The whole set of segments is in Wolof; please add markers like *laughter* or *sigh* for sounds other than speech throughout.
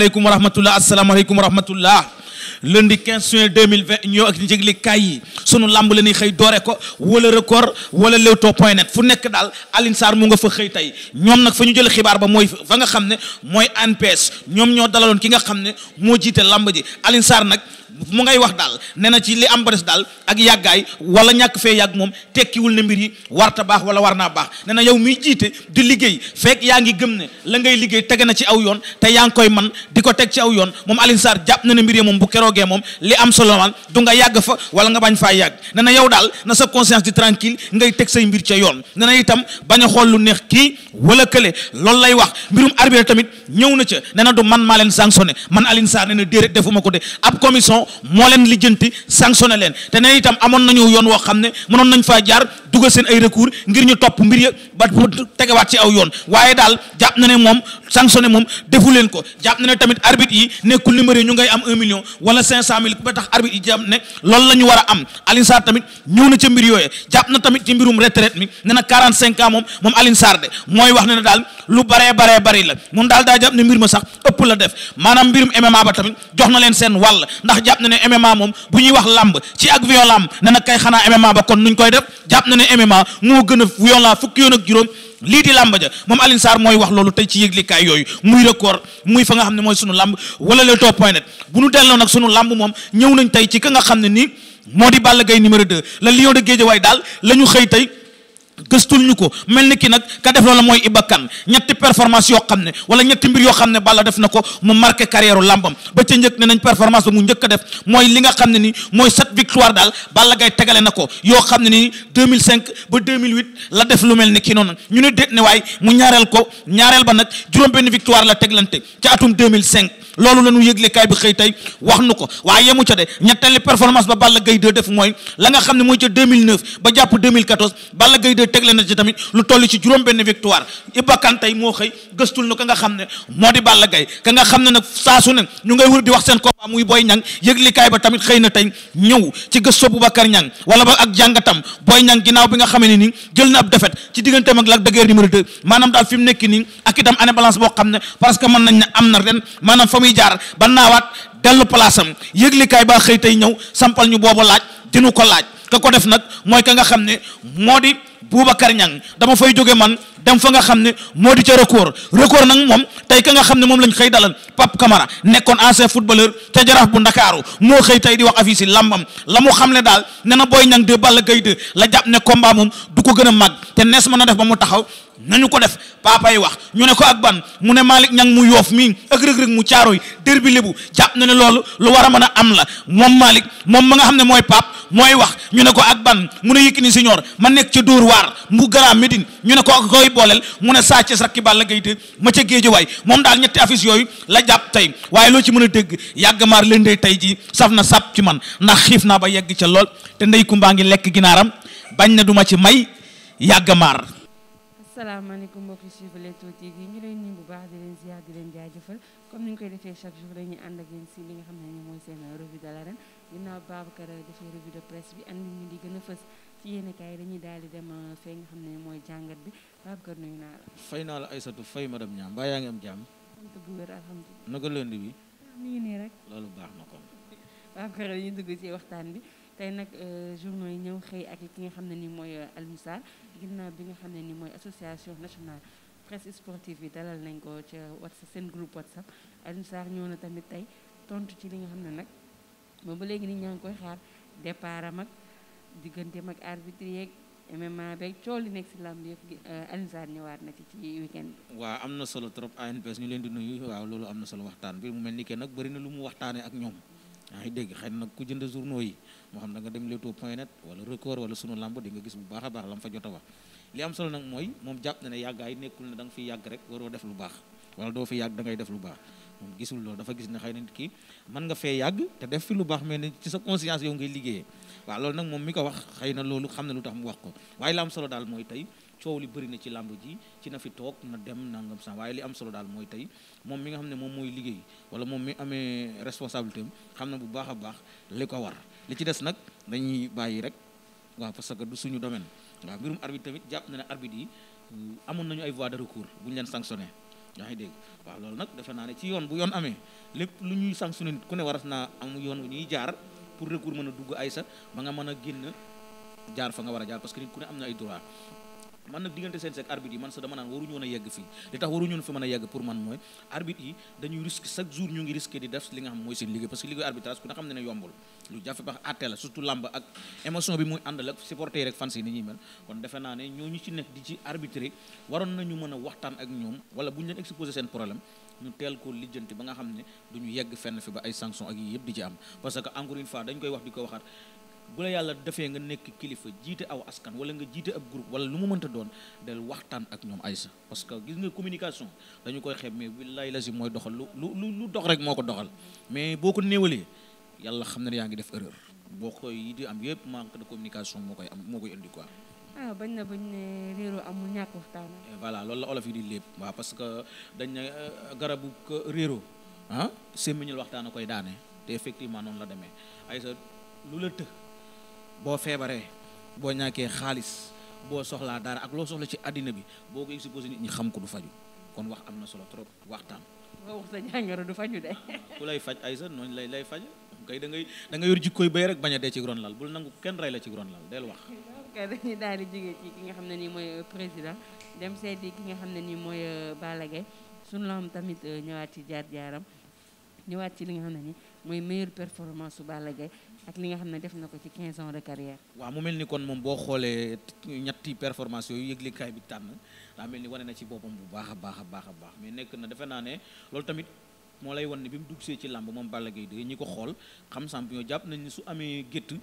asalaamaaleykum wa rahmatullah asalaamaaleykum wa rahmatullah lundi 15 juin 2020 ñëw ak njëgli kaay yi suñu làmb la ñuy xëy doore ko wala record wala leewtoo point net fu nekk daal Alioune Sarr mu nga fa xëy tey ñoom nag fa ñu jël xibaar ba mooy fa nga xam ne mooy ANPS ñoom ñoo dalaloon ki nga xam ne moo jiite lamb ji Alioune nag mu ngay wax daal nee na ci li am ba daal ak yàggaay wala ñàkk fee yàgg moom tekkiwul na mbir yi warta baax wala war naa baax nee na yow miy jiite di liggéey fekk yaa ngi gëm ne la ngay liggéey tege na ci aw yoon te yaa ngi koy man di ko teg ci aw yoon moom Alioune jàpp na ne mbir yi moom bu keroogee moom li am solo man du nga yàgg fa wala nga bañ faa yàgg nee na yow daal na sa conscience di tranquille ngay teg say mbir ca yoon nee na itam bañ a xool lu neex kii wala kële loolu lay wax mbirum arbitre tamit ñëw na ca nee na man maa leen sanctionné man Alioune Sarr nee na déedéet defuma ko de moo leen lijjanti sanctionné leen te nee itam amoon nañoo yoon woo xam ne mënoon nañ faa jaar dugal seen ay recours ngir ñu topp mbir ya ba tegewaat ci aw yoon waaye daal jàpp na ne moom sanctionné moom defu leen ko jàpp na ne tamit arbitre yi nekkul numéro yi ñu ngay am un million wala cinq cent mille ba tax arbitre yi jàpp ne loolu la ñu war am Alioune Sarr tamit ñëw na ca mbir yooyee jàpp na tamit ci mbirum retraite mi ne na quarante cinq ans moom moom Alioune Sarr de mooy wax ne na daal lu baree baree bari la moom daal daa jàpp ne mbir ma sax ëpp la def maanaam mbirum MMA ba tamit jox na leen seen wàll ndax jàpp na ne MMA moom bu ñuy wax làmb ci ak violence ne na kay xanaa MMA ba kon nuñ koy def jàpp na ne MMA gën a violence fukki yoon ak juróom lii di làmb ja moom Alioune mooy wax loolu tey ci yëglikaay yooyu muy record muy fa nga xam ne mooy sunu làmb wala Leewtoo point net bu nu delloo nag sunu làmb moom ñëw nañ tey ci ka nga xam ne nii moo di Balla Gaye numéro 2 la lion de Guédiawaye daal la ñu xëy tey gëstul ñu ko mel ni ki nag ka def loola mooy Iba Kane ñetti performance yoo xam ne wala ñetti mbir yoo xam ne Balla def na ko mu marqué carrière làmbam ba ca njëkk ne nañ performance ba mu njëkk a def mooy li nga xam ne ni mooy sept victoire daal Balla Gaye tegale na ko yoo xam ne ni 2005 la def lu mel ni ki noonu ñu ne déet ne waaye mu ñaareel ko ñaareel ba nag juróom benn victoire la teglante ca atum 2005 loolu la ñu yëgle kaay bi xëy tey wax nu ko waaye yemu ca de ñetteeli performance ba Balla Gaye 2 def mooy la nga xam ne mooy ca ba jàpp 2014 Balla tegle na ci tamit lu toll ci juróom benn victoire Iba Kane tey moo xëy gëstul na ka nga xam ne moo di Balla Gaye ka nga xam ne nag saasu ne ñu ngay wër di wax seen combat muy Boy Niang yëglikaay ba tamit xëy na tey ñëw ci gëstoo Boubacar ñang wala ba ak jàngatam Boy Niang ginnaaw bi nga xamee ne ni jël na ab defet ci digganteem ak Lac de Guiers numéro 2 maanaam daal fi mu nekk nii ak itam année balance boo xam ne parce que mën nañ ne am na ren maanaam fa muy jaar ba naawaat dellu place am yëglikaay ba xëy tey ñëw sampal ñu boobu laaj dinu ko laaj ka ko def nag mooy ka nga xam ne moo di Boubacar Niang dama fay jóge man dem fa nga xam ne moo di ca record record nag moom tey ka nga xam ne moom lañ xëy dalal Pape Camara nekkoon ancien footballeur ca jaraaf bu ndakaaru moo xëy tey di wax affiche yi làmbam la mu xam ne daal ne na Boy Niang 2 Balla Gaye 2 la jàpp ne combat moom du ko gën a màgg te nees mën a def ba mu taxaw nañu ko def papa yi wax ñu ne ko ak ban mu ne Malick Niang mu yoof mii ak rëg-rëg mu caaro yi dër bi lébu jàpp na ne loolu lu war a mën a am la moom Malick moom ma nga xam ne mooy pap mooy wax ñu ne ko ak ban mu ne Yékini Senior ma nekk ca Dóor waar mu Grand Médine ñu ne ko ak koy booleel mu ne Sa Thiès rakki Balla ma ca Géejawaay moom daal ñetti affiche yooyu la jàpp tey waaye loo ci mën a dégg yàgg maar leen dey tey ji saf na sàpp ci man ndax xiif naa ba yegg ca lool te ndey kumbaa ngi lekk ginaaram bañ na duma ci may yàgg asalaamaaleykum mbokki suivre Leewtoo TV ñu leen nuyu bu baax di leen ziar di leen jaajëfal comme ni ñu koy defee chaque jour dañuy ànd ak yéen si li nga mooy seen revue de l'arène ginnaaw Babacar defee revue de presse bi andi ñu di gën a fës ci yéen kaay dañuy daal di dem euh, fee nga xam ne mooy jàngat bi Babacar nuyu naa la. fay naa la Aïssatou fay madame Niang mbaa yaa ngi am jàmm. sant bu wér alhamdulilah. naka lënd bi. Ah, mi ngi nii rek. loolu baax na kon. *laughs* Babacar dañuy dugg ci waxtaan bi tey nag euh, journaux yi ñëw xëy ak ki nga xam ne ni mooy euh, Alioune ginnaaw bi nga xam ne ni mooy association nationale presse sportive bi dalal nañ ko ca WhatsApp seen groupe WhatsApp Alioune Sarr ñëw na tamit tey tontu ci li nga xam ne nag moom ba léegi nit ñaa ngi koy xaar départ am ak digganteem ak arbitre yeeg MMA beeg coow li nekk si làmb yëpp euh, Alioune Sarr ñëwaat na ci ci weekend bi. waaw am na solo trop ANPS ñu leen di nuyu waaw loolu am na solo waxtaan bi mu mel ni que nag bëri na lu mu waxtaanee ak ñoom. yaa ngi dégg xëy na nag ku jënd journaux yi moo xam na nga dem Leewtoo point net wala record wala sunu làmb di nga gis bu baax a baax la mu fa jot a wax li am solo nag mooy moom jàpp na ne yàggaay nekkul na da nga fi yàgg rek waroo def lu baax wala doo fi yàgg da ngay def lu baax moom gisul loolu dafa gis ne xay na nit ki mën nga fee yàgg te def fi lu baax mais ne ci sa conscience yow ngay liggéeyee waaw loolu nag moom mi ko wax xëy na loolu xam ne lu tax mu wax ko waaye solo daal mooy tey coow li bëri na ci làmb ji ci na fi toog na dem nangam sax waaye li am solo daal mooy tey moom mi nga xam ne moom mooy liggéey wala moom mi amee responsabilité xam na bu baax a baax li ko war li ci des nag dañuy bàyyi rek waaw parce que du suñu domaine waaw mbirum arbitre tamit jàpp na ne arbitre yi amoon nañu ay voies de recours bu ñu leen sanctionné yaa ngi dégg waaw loolu nag defe naa ne ci yoon bu yoon amee lépp lu ñuy sanctionné nit ku ne waras naa am yoon wu ñuy jaar pour recours mën a ay sa ba nga mën a génn jaar fa nga war a jaar parce que nit am na ay droit man nag diggante seen seeg arbitre yi man sa dama naan waruñu woon a yegg fii li tax waruñu woon fi mën a yegg pour man mooy arbitre yi dañuy risque chaque jour ñu ngi risqué di def li nga xam ne xam ne nekk di ci arbitrer waroon a waxtaan ak ñoom wala bu ñu leen exposé seen problème ko lijjanti ba nga xam ne duñu yegg fenn fi ba ay sanction ak yi yëpp di ci am parce que encore une fois dañ koy wax di ko waxaat bu la yàlla defee nga nekk kilifa jiite aw askan wala nga jiite ab groupe wala lu mu mënta doon del waxtaan ak ñoom aysa parce que gis nga communication dañu koy xeeb mais billaay la mooy doxal lu lu lu dox rek moo ko doxal mais boo ko néewalee yàlla xam ne yaa ngi def erreur boo koy yi di am yëpp manque de communication moo koy am moo koy indi quoi. ah bañ na bañ ne réeroo amul ñàkk waxtaan. voilà loolu la olof yi di lépp waaw parce que dañ na euh, garabu réeroo ah sémmiñul waxtaan a koy daanee te effectivement noon la demee boo feebaree boo ñàkkee xaalis boo soxlaa dara ak loo soxla ci àddina bi boo ko exposé nit ñi xam ko du faju kon wax am na solo trop waxtaan. boo wax sa jàngoro du faju de. ku lay faj ay sa noonu lay lay faj kay da ngay da ngay yor jikkooy bay rek bañ a dee ci ron lal bul nangu kenn rey la ci ron lal del wax. kay dañuy daal di jógee ci ki nga xam ne nii mooy euh, président dem seeti ki nga xam ne nii mooy euh, Balla Gaye suñu la am tamit euh, ñëwaat ci jaar jaaram ñëwaat ci li nga xam ne nii ak li nga xam ne def na ko ci 15 ans de carrière waaw mu mel ni kon moom boo xoolee ñetti performance yooyu yëglekaay bi tànn daa mel ni wane na ci boppam bu baax a baax a baax a baax mais nekk na defe naa ne loolu tamit moo lay wan ne bi mu dugsee ci làmb moom Balla Gaye ko xool xam champion jàpp nañ su amee gétt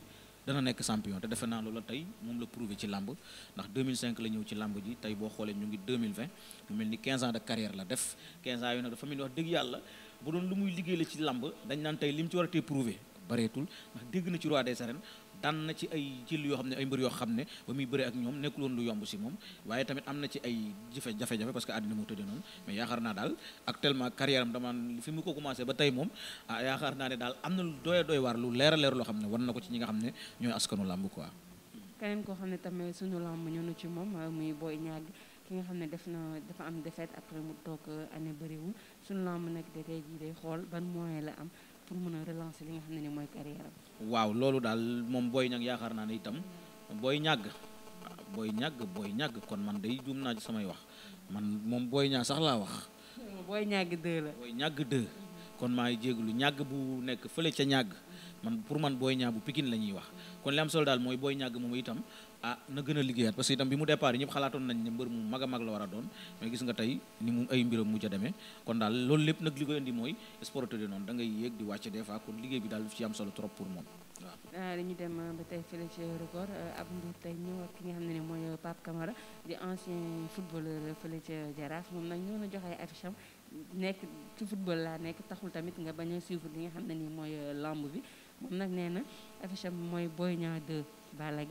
dana nekk champion te defe naa loola tey moom la prouvé ci làmb ndax la ñëw ci làmb ji tey boo xoolee ñu ngi 2020 mu mel ni 15 ans de carrière la def 15 ans yooyu nag dafa mel ni wax dëgg yàlla bu doon lu muy liggéey la ci làmb dañ naan tey li mu bareetul ndax dégg na ci roi des arènes daan na ci ay jël yoo xam ne ay mbër yoo xam ne ba muy bëre ak ñoom nekkul woon lu yomb si moom waaye tamit am na ci ay jafe jafe-jafe parce daal actuellement carrière am dama fi mu ko commencé ah lu doy doy waar lu leer a leer loo xam ne war ko ci ñi nga xam ne ñooy askanu làmb quoi. keneen koo xam ne tamit suñu làmb ñoo ci moom ah, muy Boy Niang ki nga xam ne def na dafa am défaite après mu toog ah, année bëriwul suñu làmb nag da tey jii day xool ban moyen la am. pour mën a relancer li nga xam ne ni mooy carrière waaw loolu daal moom booy ñag yaakaar naa ne itam booy ñàgg booy ñàgg booy ñàgg kon man day juum naa samay wax man moom booy ñaa sax laa wax. booy ñàgg deux la. booy ñàgg deux kon maa ngi jéeglu ñàgg bu nekk fële ca ñàgg man pour man booy ñaa bu pikin la ñuy wax kon li am solo daal mooy booy ñàgg moom itam ah na gën a liggéeyaat parce que itam bi mu départ yi ñëpp xalaatoon nañ ne mbër mu mag a la war a doon mais gis nga tey ni mu ay mbiram mujj a kon daal loolu lépp nag li koy indi mooy sporteur yi noonu da ngay yéeg di wàcc des fois kon liggéey bi daal ci am solo trop pour moom waaw ah, dañu dem euh, ba tey fële ci record euh, ab Ndour tey ñëw ak ki nga xam ne mooy euh, Pape Camara di ancien footballeur fële ci Jaraaf moom nag ñoo na joxe ay nekk ci football laa nekk taxul tamit nga bañ a suivre li nga xam ne nii mooy lamb bi nag nee na affiche am mooy Boy Niang 2 Balla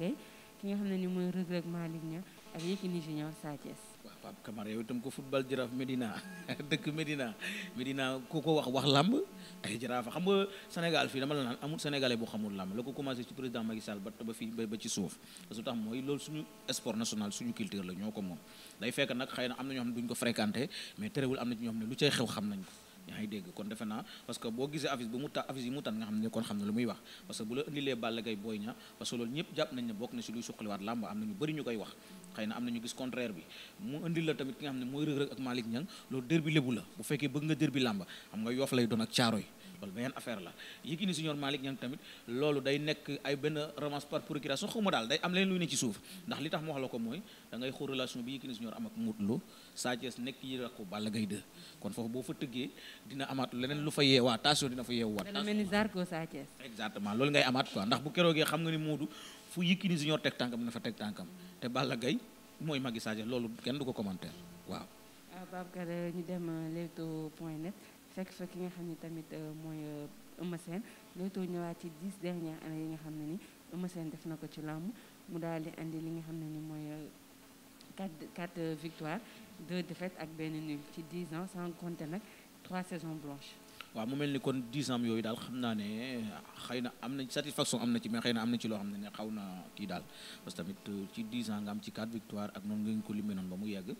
ki nga xam ne ni mooy Reug Reug Malick Niang ak Yékini Junior Sa Thiès waaw Pape Camara yow ko football jaraaf Medina *laughs* dëkk Medina Medina ku ko wax wax làmb ay jaraafa xam nga Sénégal fii dama la naan amul sénégalais bu xamul làmb la ko commencé ci président Macky Sall ba ba fii ba ci suuf su tax mooy loolu suñu sport national suñu culture la ñoo ko moom day fekk nag xëy na am na ñoo xam ne duñ ko fréquenté mais terewul am na ñoo xam ne lu cay xam nañ yaa ngi dégg kon defe naa parce que boo gisee affiche bu mu ta affiche yi mu tànn nga xam ne kon xam ne lu muy wax parce bu la indilee Balla Gaye Boy Niang parce loolu ñëpp jàpp nañ ne bokk na si luy suqaliwaat làmb am na ñu bëri ñu koy wax xëy na am na ñu gis contraire bi mu indil la tamit ki nga xam ne mooy Reug Reug ak Malick Niang loolu derby lébu la bu fekkee bëgg nga derby làmb xam nga Yoff lay doon ak Caaroy loolu beneen affaire la Yékini Senior Malick ñoom tamit loolu day nekk ay benn romance par procuration xaw ma daal day am leen luy ne ci suuf ndax li tax mu wax la ko mooy da xool relation bi Yékini Senior am Lo Sa Thiès nekk yi rak amaat loolu ngay amaat quoi ndax bu keroogee xam nga ni Modou fu Yékini Senior teg tànkam dina fa teg tànkam te Balla Gaye mooy magi Sa Thiès loolu kenn du ko commentaire waaw ah, euh, fekk fa ki nga xam ni tamit euh, mooy euh, Eumeu Sène Leewtoo ñëwaat ci dix dernières années yi nga xam ne ni Eumeu Sène def na ko ci làmb mu daal di indi li nga xam ne ni mooy euh, quatre quatre victoires deux défaites ak benn nul ci dix ans sans compter nag trois saisons blanches. waaw mu mel ni kon dix ans yooyu daal xam naa ne xëy na am na satisfaction am na ci mais xay na am na ci loo xam ne ne xaw na kii daal parce que tamit ci dix ans nga am ci quatre victoires ak noonu nga ko limee noonu ba mu yàgg.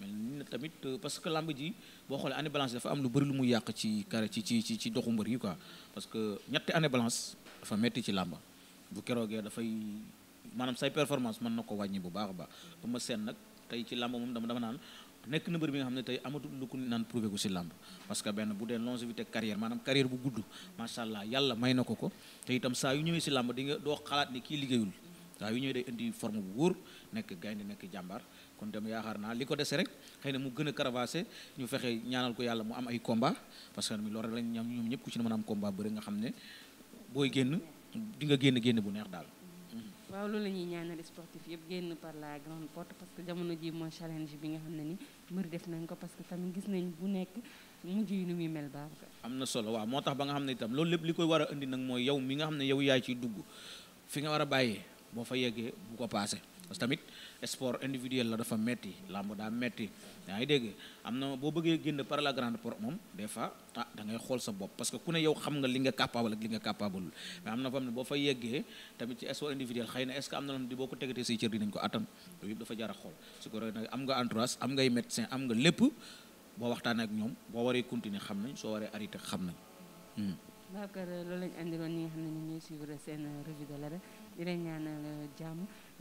mais ni tamit euh, parce que lamb ji boo xoolee année balance dafa am lu bëri lu mu yàq ci carré ci ci ci ci doxu mbër yi quoi parce que ñetti année balance dafa metti ci làmba bu keroogee dafay maanaam say performance mën na ko wàññi bu baax baax baax Eumeu seen nag tey ci làmba moom dama dama naan nekk na mbër bi nga xam ne tey amatul lu ko naan prouvé ko si làmb parce que benn bu dee longévité carrière maanaam carrière bu gudd macha allah yàlla may na ko ko te itam saa yu si làmb di nga doo xalaat ni kii liggéeyul saa yu ñëwee indi forme bu wóor nekk gaynde nekk jàmbaar kon dem yaakaar naa li ko dese rek xëy na mu gën a caravasé ñu fexe ñaanal ko yàlla mu am ay combat parce que loolu rek lañ ñam ñoom ñëpp ku ci ne a am combat bëri ne booy génn di nga génn génn bu neex daal. waaw loolu la ñuy ñaanal sportif yëpp génn par la grande porte parce que jamono ji mooy challenge bi nga xam ne ni mbir def nañ ko parce que tamit gis nañ bu nekk mujj yi nu muy mel baax. am na solo waaw moo tax ba nga xam ne itam loolu lépp li koy war a indi nag mooy yow mi nga xam ne yaw yaay ciy dugg fi nga war a bàyyee boo fa yeggee bu ko paase parce sport individuel la dafa metti làmb daa metti yaa ngi dégg am na boo bëggee génn par la grande porte moom des ah da xool sa bopp parce que ku ne yow xam nga li nga capable boo fa yeggee a xool su ko nag am nga entourage am ngay médecin am nga lépp boo waxtaan ak ñoom boo waree continuer xam nañ soo waree arrêté xam nañ. Hmm. loolu lañ andiloon ñi xam ne ñu ngi suivre seen revue de l'arène di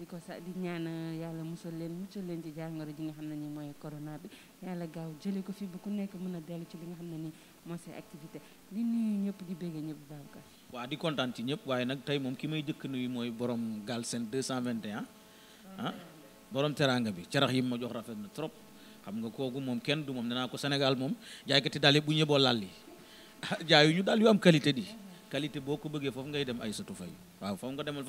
di ko sa eh, yàlla musal leen musal leen ci jàngoro ji nga xam ne ni mooy corona bi yàlla gaaw jële ko fi bu ku nekk mën a dellu ci li nga xam ne ni moo say activité di nuyu ñëpp di béggee ñëpp Babacar waaw di kontaan ci ñëpp waaye nag tey moom ki may jëkk nuyu mooy borom Galsen 221 ah borom teraanga bi carax yi ma jox rafet na trop xam nga kooku moom kenn du moom nee naa ko Sénégal moom jaaykati daal bu ñëboo lal yi ah, jaayuñu daal yu am qualité di qualité boo ko bëggee foofu ngay dem ay soto fay waaw foofu nga demal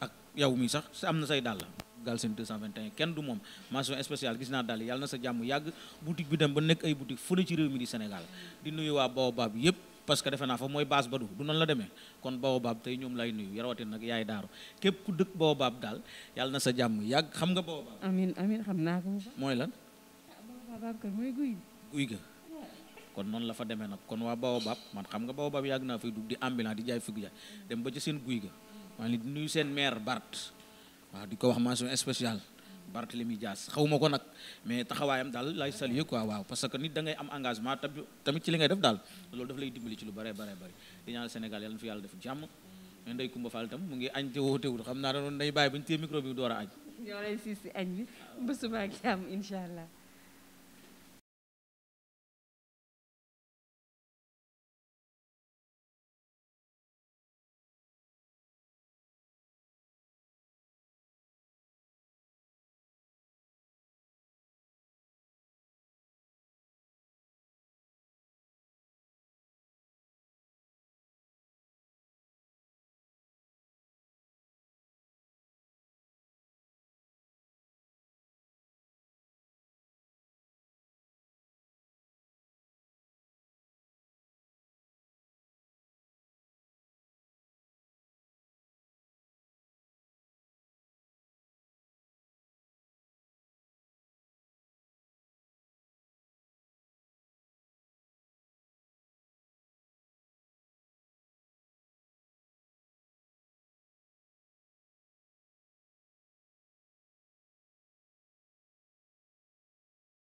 ak yow mi sax am na say dàll Galsen 221 kenn du moom mention spéciale gis naa dal yàlla na sa jàmm yàgg boutique bi dem ba nekk ay boutique fu ne ci réew mi di Sénégal di nuyu waa Baobab yëpp parce que defe naa fa mooy base ba du du noonu la demee kon Baobab tey ñoom lay nuyu yarawate nag yaay daaru képp ku dëkk Baobab daal yàlla na sa jàmm yàgg xam nga Baobab amiin amiin xam naa ko mooy lan mooy guy guy ga kon noonu la fa demee nag kon waa Baobab man xam nga Baobab yàgg naa fay dugg di ambulant di jaay fukki jaay dem ba ci seen guy ga maa ngi nuyu seen maire Bart waaw di ko wax mention spéciale Barthélemy Dias xaw ma ko nag mais taxawaayam daal lay saluer waaw parce que nit da ngay am engagement tamit ci li ngay def daal loolu daf lay dimbali ci lu bare bare bare di Sénégal yàlla na fi yàlla def jàmm mu ngi añ te wóotewul xam naa da doon bàyyi ba ñu téye micro bi door a añ ñoo siis si añ bi ba suba ak jàmm allah